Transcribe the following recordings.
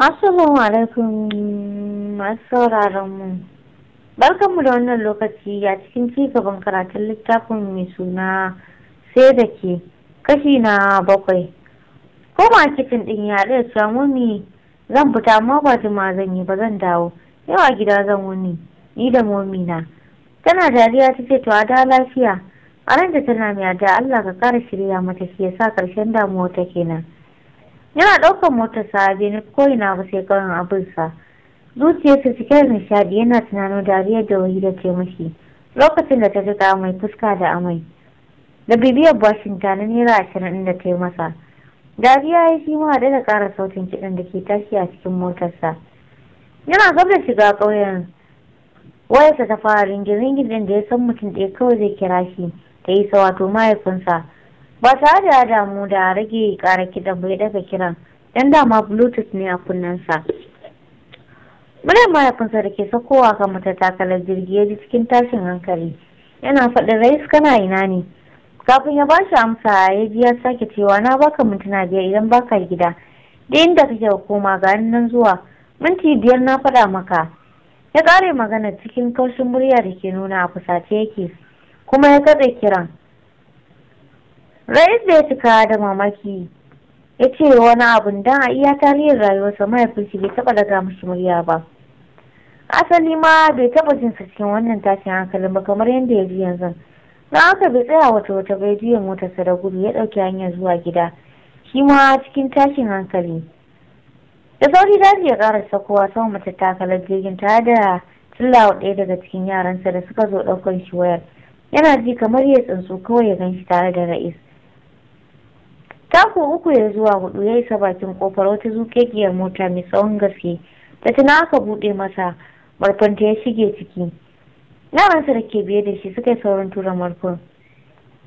Assalamu alaikum masu sauraron mu. Barkanmu da wannan lokaci a cikin ci gaban karatun littafin mai suna sai da ke kashi na bakwai. Koma cikin ɗin ya ɗaya cewa muni zan fita amma ba jima zan yi ba zan dawo. Yawa gida zan wuni ni da momi na. Tana dariya ta ce to a da lafiya. A tana mai da Allah ka kara shirya mata shi ya sa ƙarshen damuwa ta kenan. yana ɗaukar motarsa, sa jini ko ina ba sai karin abinsa zuciyarsa cike da nishadi yana tunanin dariyar da wahi da taimaki lokacin da ta jika mai fuska da amai da bibiyar bashin na naira ashirin da ta yi masa dariya ya shi ma da ƙara sautin kiɗan da ke tashi a cikin motarsa yana gab da shiga ƙauyen wayarsa ta fara ringin ringin da ya san mutum ɗaya kawai zai kira shi ta yi sa wato mahaifinsa ba tare da damu da rage kara kiɗan bai daga kiran dan dama bluetooth ne a kunnen kunnensa muryar mahaifinsa da ke sakowa kan takalar jirgi ya ji cikin tashin hankali yana faɗin rais kana ina ne kafin ya bashi amsa ya ji ya sake cewa na baka mintuna biyar idan baka gida da inda kake koma ga nan zuwa minti biyar na faɗa maka ya ƙare magana cikin kaushin murya da ke nuna a fusace yake kuma ya katse kiran Rais da ya cika da mamaki ya ce wani abun don a iya tarihin rayuwarsa mahaifinsa bai taɓa daga mashi murya ba. Asali ma bai taɓa jin sa cikin wannan tashin hankali ba kamar yadda ya ji yanzu. Na haka bai tsaya wata wata bai juya motarsa da gudu ya ɗauki hanyar zuwa gida. Shi ma cikin tashin hankali. Da sauri daji ya ƙara sakowa sama mace takalar jirgin tare da tillawa ɗaya daga cikin yaransa da suka zo ɗaukar shi wayar. Yana ji kamar ya tsinsu kawai ya gan shi tare da ra'is. tako uku ya zuwa hudu ya isa bakin kofar wata zuƙeƙiyar mota mai tsawon gaske da tuna aka bude masa marfanta ya shige ciki. Yaransa da ke biye da shi suka yi saurin tura marfan.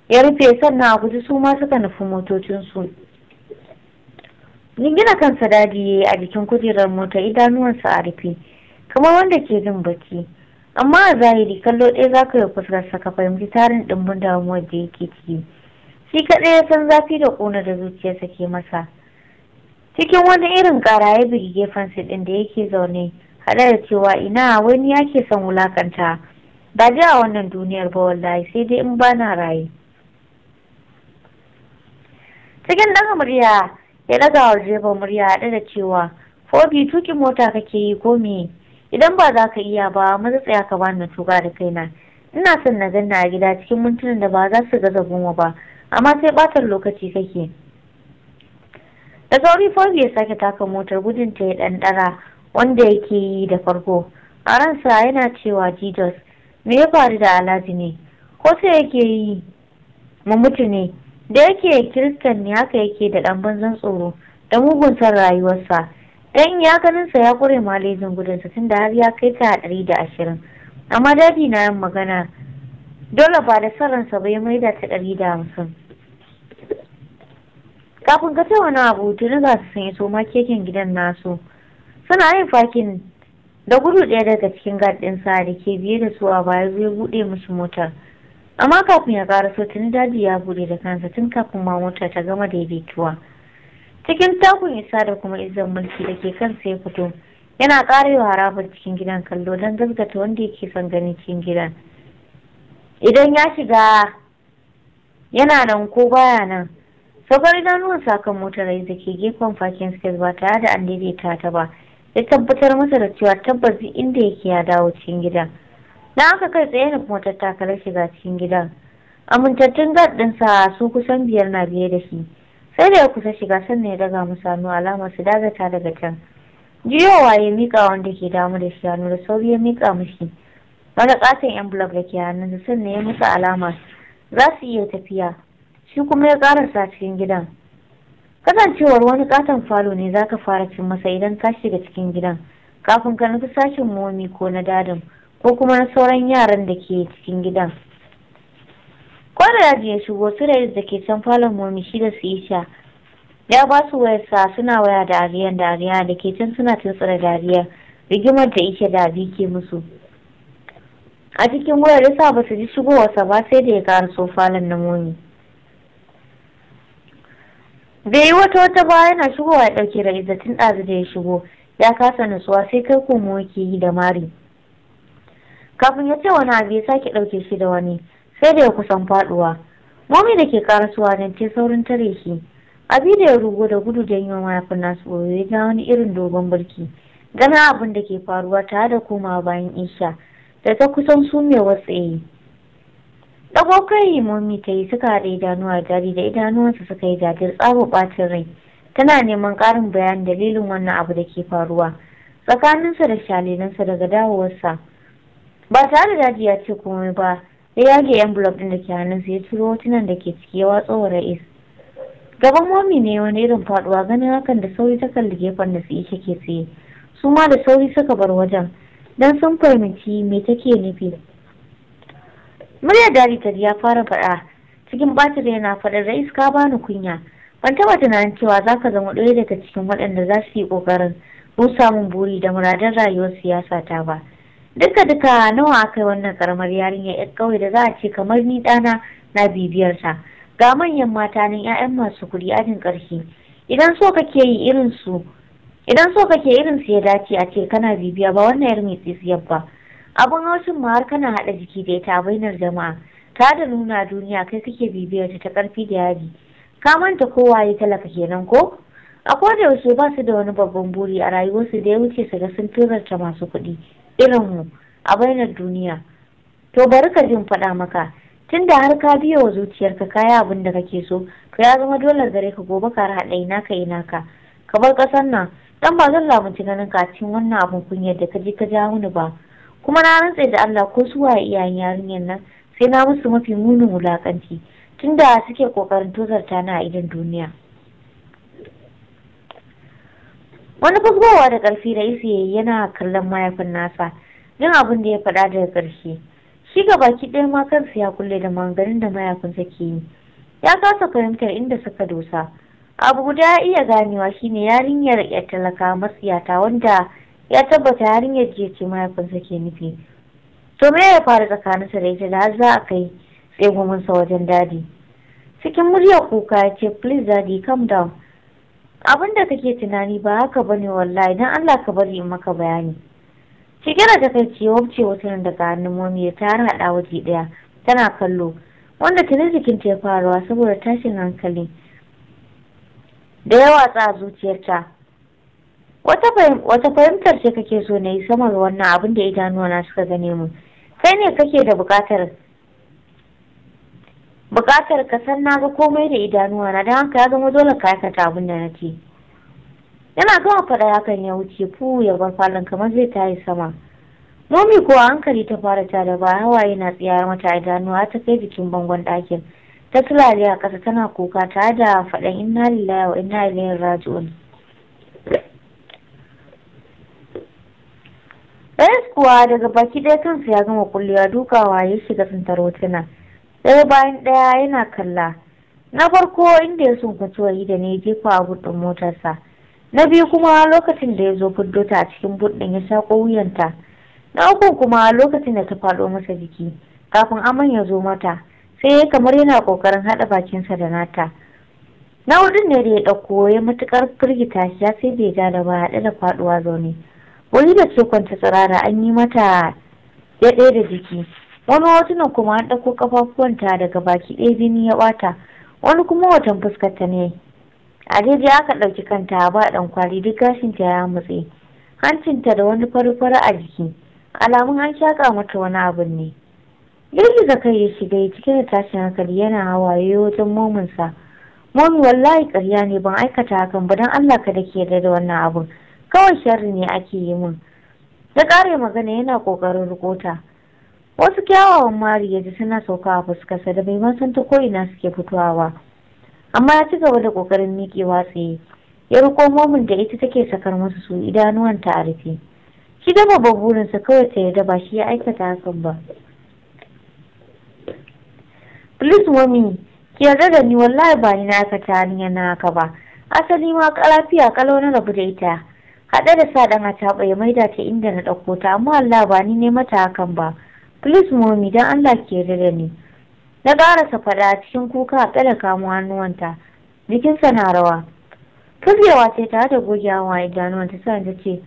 Ya rufe sannan a guji su ma suka nufi motocinsu. ningina kansa dadi ya yi a jikin kujerar mota idanuwansa a rufe, kamar wanda ke jin baki. Amma a zahiri kallo ɗaya za ka yi fuskarsa ka fahimci tarin ɗimbin damuwar da yake ciki. shi kaɗai ya san zafi da ƙuna da zuciyarsa ke masa cikin wani irin ƙara ya bugi gefen ɗin da yake zaune haɗa da cewa ina wani yake son wulakanta ba ji a wannan duniyar ba wallahi sai dai in ba na raye cikin ɗan murya ya ɗaga wa direban murya haɗe da cewa fobi tuki mota kake yi ko me idan ba za ka iya ba maza tsaya ka bani na tuka da kaina ina son na ganna a gida cikin mintunan da ba za su gaza goma ba amma sai ɓatar lokaci kake da sauri fobi ya sake taka motar gudun ta ya ɗanɗara wanda yake yi da farko a ransa yana cewa jesus me ya faru da alhaji ne ko sai yake yi mu mutu ne da yake kiristan ne haka yake da ɗan banzan tsoro da mugun san rayuwarsa dan ya sa ya kure malejin gudunsa tunda har ya kai ta a ɗari da ashirin amma dadi na yin magana dole ba da son ransa bai maida ta ɗari da hamsin kafin ka ce wani abu tuni za su sanya so ma keken gidan nasu suna yin fakin da gudu ɗaya daga cikin gardin sa da ke biye da su a baya zai buɗe musu motar amma kafin ya ƙara so tuni daji ya buɗe da kansa tun kafin ma motar ta gama daidaituwa cikin takun isa da kuma izan mulki da ke kan sai fito yana ƙarewa harabar cikin gidan kallo don gaskata wanda yake son ganin cikin gidan idan ya shiga yana nan ko baya nan saukar sa sakan motar da ke gefen fakin space ba tare da an daidaita ta ba ya tabbatar masa da cewa tabbas inda yake ya dawo cikin gidan na aka kai tsaye na motar takarar shiga cikin gidan amintattun gad gaɗinsa su kusan biyar na biye da shi sai da ya kusa shiga sannan ya daga musu hannu alamar su dagata daga can jiyowa ya miƙa wanda ke damu da shi hannu da sauri ya miƙa mashi wani ƙaton yan blog da ke hannun sannan ya musu alama za su iya tafiya shi kuma ya karasa cikin gidan kasancewar wani katon falo ne za ka fara cin masa idan ka shiga cikin gidan kafin ka nufi sashin momi ko na dadin ko kuma na sauran yaran da ke cikin gidan ko da yaji ya shigo su da ke can falon momi shi da su isha ya ba su wayarsa suna waya da ariyan da ariya da ke can suna tuntsura dariya rigimar da isha da abi ke musu a cikin wayar yasa ba su ji shigowarsa ba sai da ya ƙara falon na momi da yi wata wata ba yana shigowa ya ɗauke da izatin ɗazu da ya shigo ya kasa nutsuwa sai kai komo yake yi da mari kafin ya ce wani abu ya sake ɗauke shi da wani sai da ya kusan faɗuwa momi da ke karasuwa nan ce saurin tare shi abi da ya rugo da gudu da yiwa mayafin nasu ɓoye ya ga wani irin dogon barki gana abin da ke faruwa tare da komawa bayan isha da ta kusan sumewa tsaye Ɗago kai mummi ta yi suka haɗa idanuwa jari da idanuwansa suka yi jajir tsaro ɓacin rai. Tana neman ƙarin bayan dalilin wannan abu da ke faruwa. Tsakaninsa da shalinansa daga dawowarsa. Ba tare da daji ya ce komai ba, ya yage envelope ɗin da ke hannunsa ya ciro hotunan da ke ciki ya watsa wa ra'is. Gaban mummi ne wani irin faɗuwa ganin hakan da sauri ta kalli gefen da su ishe ke tsaye. Su ma da sauri suka bar wajen, Dan sun fahimci me take nufi. muryar daritar ya fara faɗa cikin batir yana faɗin da iska bani kunya ban taɓa tunanin cewa za ka zama ɗaya daga cikin waɗanda za su yi ƙoƙarin rusa samun buri da muradar rayuwar siyasa ta ba duka duka nawa aka yi wannan karamar yarinya yar kawai da za a ce kamar ni ɗana na bibiyar ga manyan mata nan 'ya'yan masu kuɗi ajin ƙarfi idan so kake yi irin su idan so kake irin su ya dace a ce kana bibiya ba wannan yar mai tsitsiyar ba abin haushin ma har kana haɗa jiki da ita bainar jama'a ta da nuna duniya kai kake bibiyar ta karfi da yaji ka manta kowa ya talaka kenan ko a koda wasu ba su da wani babban buri a rayuwarsu da ya wuce su ga sun firarta masu kuɗi irin mu a bainar duniya to bari ka jin faɗa maka tunda har ka biya wa zuciyarka kaya abin da kake so to ya zama dole gare ka gobe ka haɗa ina ka ina ka ka bar ƙasar nan dan ba zan lamunci ganin ka cikin wannan abin kunyar da ka je ka ja mini ba kuma na rantse da Allah ko su iyayen yarinyar nan sai na musu mafi munin wulakanci tunda suke kokarin tozarta na a idan duniya wani fasgowa da ƙarfi da isi yana kallon mayafin nasa yin abin da ya faɗa daga ƙarshe shi ga baki ɗaya ma kansa ya kulle da maganin da mayafin ke yi ya kasa fahimtar inda suka dosa abu guda iya ganewa shine yarinyar ya talaka yata wanda ya tabbata yarinyar jiya ce mahaifinsa ke nufi to me ya faru tsakaninsa da ita da har za a kai sa wajen dadi cikin murya kuka ya ce please daddy calm down abin da kake tunani ba haka ba ne wallahi dan Allah ka bari in maka bayani cike da takaici wabce wata daga hannun mami ta haɗa waje ɗaya tana kallo wanda jikin ta ya faruwa saboda tashin hankali da yawa tsa zuciyarta wata fahimtar ce kake so na yi sama ga wannan abin da idanuwana suka gane mu kai ne kake da bukatar bukatar ka san na ga komai da idanuwana don haka ya zama dole ka aikata abin da na ce yana gama faɗa hakan ya wuce fu ya bar falon kamar zai tayi sama momi ko hankali ta fara ta da ba hawaye na tsiyar mata idanuwa ta kai jikin bangon ɗakin ta tulare a ƙasa tana kuka ta da faɗan inna lillahi wa inna ilaihi raji'un kuwa daga baki ɗaya kansa ya gama kulliya dukawa ya shiga tsintar hotuna ɗaya bayan ɗaya yana kalla na farko inda ya sunkuci wa da ne jefa a buɗin motarsa na biyu kuma lokacin da ya zo fuddota a cikin buɗin ya shaƙo wuyanta na uku kuma lokacin da ta faɗo masa jiki kafin aman ya zo mata sai ya kamar yana ƙoƙarin haɗa bakinsa da nata na hudun ne da ya ɗauko ya matuƙar firgita shi ya sai bai ja da ba haɗe da faɗuwa zaune wani da ce kwanta tsirara an yi mata ɗaya da jiki wani hotunan kuma an ɗauko kafafuwanta daga baki ɗaya jini ya ɓata wani kuma watan fuskarta ne a daidai aka ɗauki kanta ba ɗan kwali duk gashinta ya mutse hancinta da wani fari a jiki alamun an shaƙa mata wani abu ne girgiza kai ya shiga ya cike da tashin hankali yana hawaye wajen mominsa momi wallahi ƙarya ne ban aikata hakan ba don allah ka da ke da wannan abun. kawai sharri ne ake yi mun ta ƙare magana yana ƙoƙarin rukota. wasu kyawawan mari ya ji suna sauka a fuskarsa da bai san ta ko'ina suke fitowa ba amma ya ci gaba da ƙoƙarin miƙewa tsaye ya riko momin da ita take sakar masa su idanuwanta a rufe shi da ba burinsa kawai ta yarda ba shi ya aikata hakan ba please mami ki yarda da ni wallahi ba ni na aikata ni na haka ba asali ma lafiya kalau na rabu da ita haɗe da sa ta ataɓa ya maida ta inda na ɗauko ta amma Allah ba ni ne mata hakan ba please mommy don Allah ke rere ni na ƙarasa faɗa cikin kuka a tsala kamo hannuwanta jikinsa na rawa kafewa ce ta da goge hawa idanuwan ta sa ta ce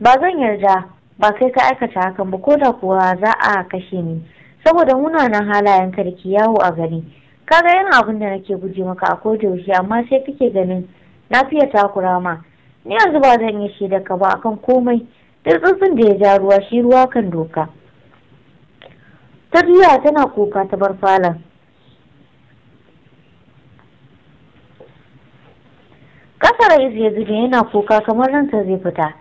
ba zan yarda ba kai ka aikata hakan ba ko da kuwa za a kashe ni saboda munanan halayen karki yawo a gari kaga yana abin da nake guje maka a koda amma sai kake ganin na fiye takura ma ni yanzu ba zan yi shi da ba akan komai da tsuntsun da ya ja ruwa shi ruwa kan doka ta juya tana kuka ta bar falon kasar ya zube yana kuka kamar ranta zai fita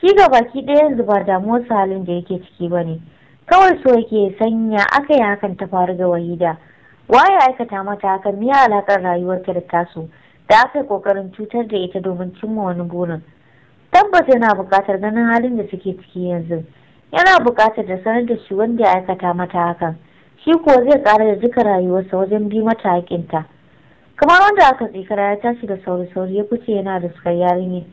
shi ga baki ɗaya yanzu ba damuwar halin da yake ciki ba ne kawai so yake sanya aka yi hakan ta faru ga wahida waye aikata mata hakan miya alaƙar rayuwarta da taso da aka yi kokarin cutar da ita domin cimma wani burin tabbas yana buƙatar ganin halin da suke ciki yanzu yana buƙatar da sanar da shi wanda ya aikata mata hakan shi kuwa zai ƙara da duka rayuwarsa wajen bi mata haƙinta kamar wanda aka tsikara ya tashi da sauri-sauri ya fice yana da yarinya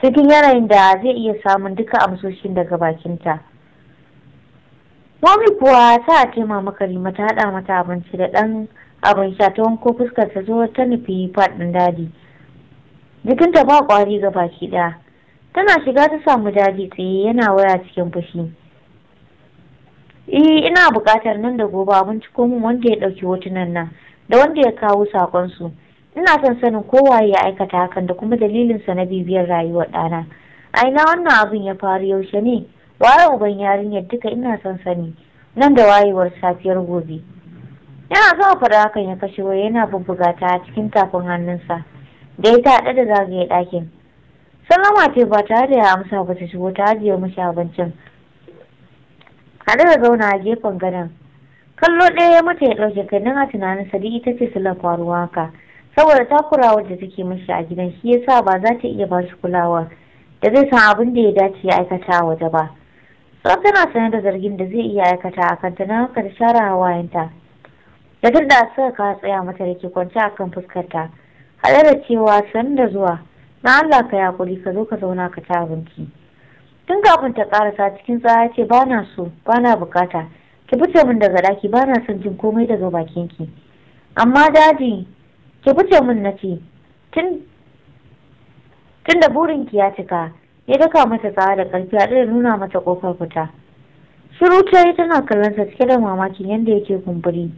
cikin yanayin da zai iya samun duka amsoshin daga bakinta Mami kuwa ta a maka rima ta haɗa mata abinci da ɗan abin sha ta wanko fuskar ta zo ta nufi faɗin daji jikinta ba ƙwari ga baki ɗaya tana shiga ta samu daji tsaye yana waya cikin fushi eh ina buƙatar nan da gobe abin ciko mun wanda ya ɗauki hotunan nan da wanda ya kawo su ina son sanin kowa ya aikata hakan da kuma dalilin sa na bibiyar rayuwar ɗana a ina wannan abin ya faru yaushe ne waye uban yarinyar duka ina son sani nan da wayewar safiyar gobe yana gama fada hakan ya kashe waya yana bubbuga ta a cikin tafin hannunsa da ya ta da zagaye ɗakin salama ce ba tare da ya amsa ba ta shigo ta ajiye mashi abincin haɗu da zauna a gefen gadon kallo ɗaya ya mata ya ɗauke kai nan a tunanin sadi ita ce silar faruwa haka saboda takurawar wadda take mashi a gidan shi ya sa ba za ta iya ba shi kulawa da zai san abin da ya dace ya aikata a waje ba. Tsaf tana sanar da zargin da zai iya aikata a kanta na haka da share hawayenta. da duk da suka ka tsaya mata da ke kwance a kan fuskarta haɗe da cewa san da zuwa na Allah ka yakuri ka zo ka zauna ka ci abinci tun kafin ta karasa cikin tsaya ce ba na so ba na bukata ki fice min daga ɗaki ba na son jin komai daga bakinki. amma daji ki fice min na ce tun tun da burinki ya cika ya daka mata tsaya da ƙarfi a da nuna mata ƙofar fita shiru ta yi tana kallonsa cike da mamakin yadda yake kumburi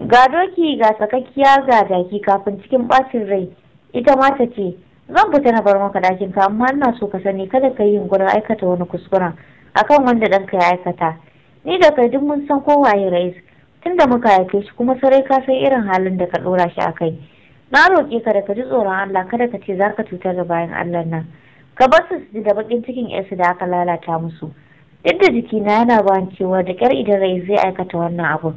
ga doki ga sakakkiya ga daki kafin cikin bacin rai ita mata ce zan fita na bar maka dakin ka amma ina so ka sani kada ka yi yunkurin aikata wani kuskuren akan wanda ɗanka ya aikata ni da kai duk mun san ko waye rais tunda muka haife shi kuma sarai ka san irin halin da ka ɗora shi a kai na roƙe ka da ka ji tsoron Allah kada ka ce zaka cutar da bayan Allah nan ka bar su su ji da bakin cikin su da aka lalata musu duk da jikina yana bayan cewa da ƙyar idan Rais zai aikata wannan abun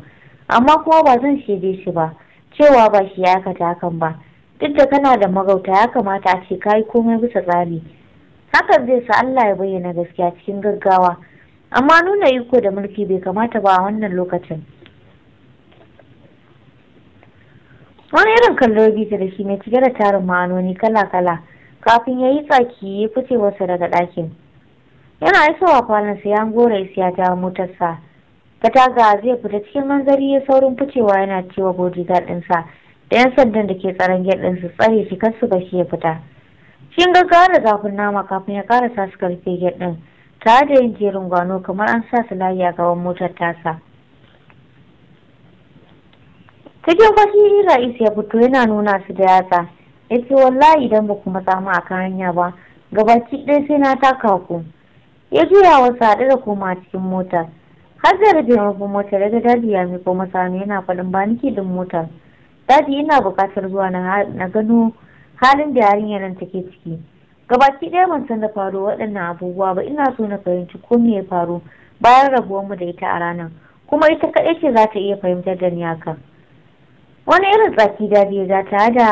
amma kuma ba zan shaide shi ba cewa ba shi ya aikata hakan ba duk da kana da magauta ya kamata a ce kayi komai bisa tsari hakan zai sa Allah ya bayyana gaskiya cikin gaggawa amma nuna iko da mulki bai kamata ba a wannan lokacin wani irin kallo bita da shi ne cike da tarin ma'anoni kala-kala kafin ya yi tsaki ya fice wasu daga ɗakin yana isowa falonsa ya gora isiya ta motarsa fataga zai fita cikin manzari ya saurin ficewa yana cewa bodyguard ɗinsa da 'yan sandan da ke tsaron gate su tsare shi kar su gashi ya fita shin gaggawa da zafin nama kafin ya karasa su karfe gate ɗin tare da yin jerin gwano kamar an sa su layi a gaban motar tasa cikin fashi ra'is ya fito yana nuna su da yatsa ya ce wallahi idan ba ku matsa mu a hanya ba gabaki ɗaya sai na taka ku ya juya wasu haɗe da koma cikin motar har zai rage mabin motar ya ga dadi ya miko masa hannu yana faɗin ba niki din motar dadi ina buƙatar zuwa na gano halin da yarinyar nan take ciki gabaki ɗaya ban san da faru waɗannan abubuwa ba ina so na fahimci ko me ya faru bayan rabuwar mu da ita a ranar kuma ita kaɗai ce za ta iya fahimtar da ni hakan wani irin tsaki dadi ya zata da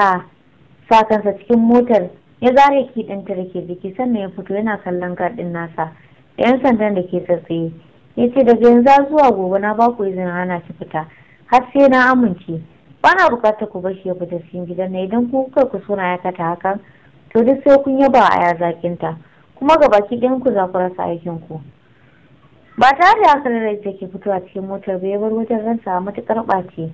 sakansa cikin motar ya zare ki ɗinta da ke jiki sannan ya fito yana kallon gaɗin nasa da 'yan sandan da ke tsatsaye ya ce daga yanzu zuwa gobe na ba ku izinin hana shi fita har sai na amince bana bukatar ku bar shi ya fita cikin gidan na idan ku kuka ku suna aikata hakan to duk sai kun yaba a ya zakinta kuma ga baki ɗin ku za ku rasa aikin ku ba tare da ita ke fito fitowa cikin motar ba ya bar wajen ransa matuƙar ɓace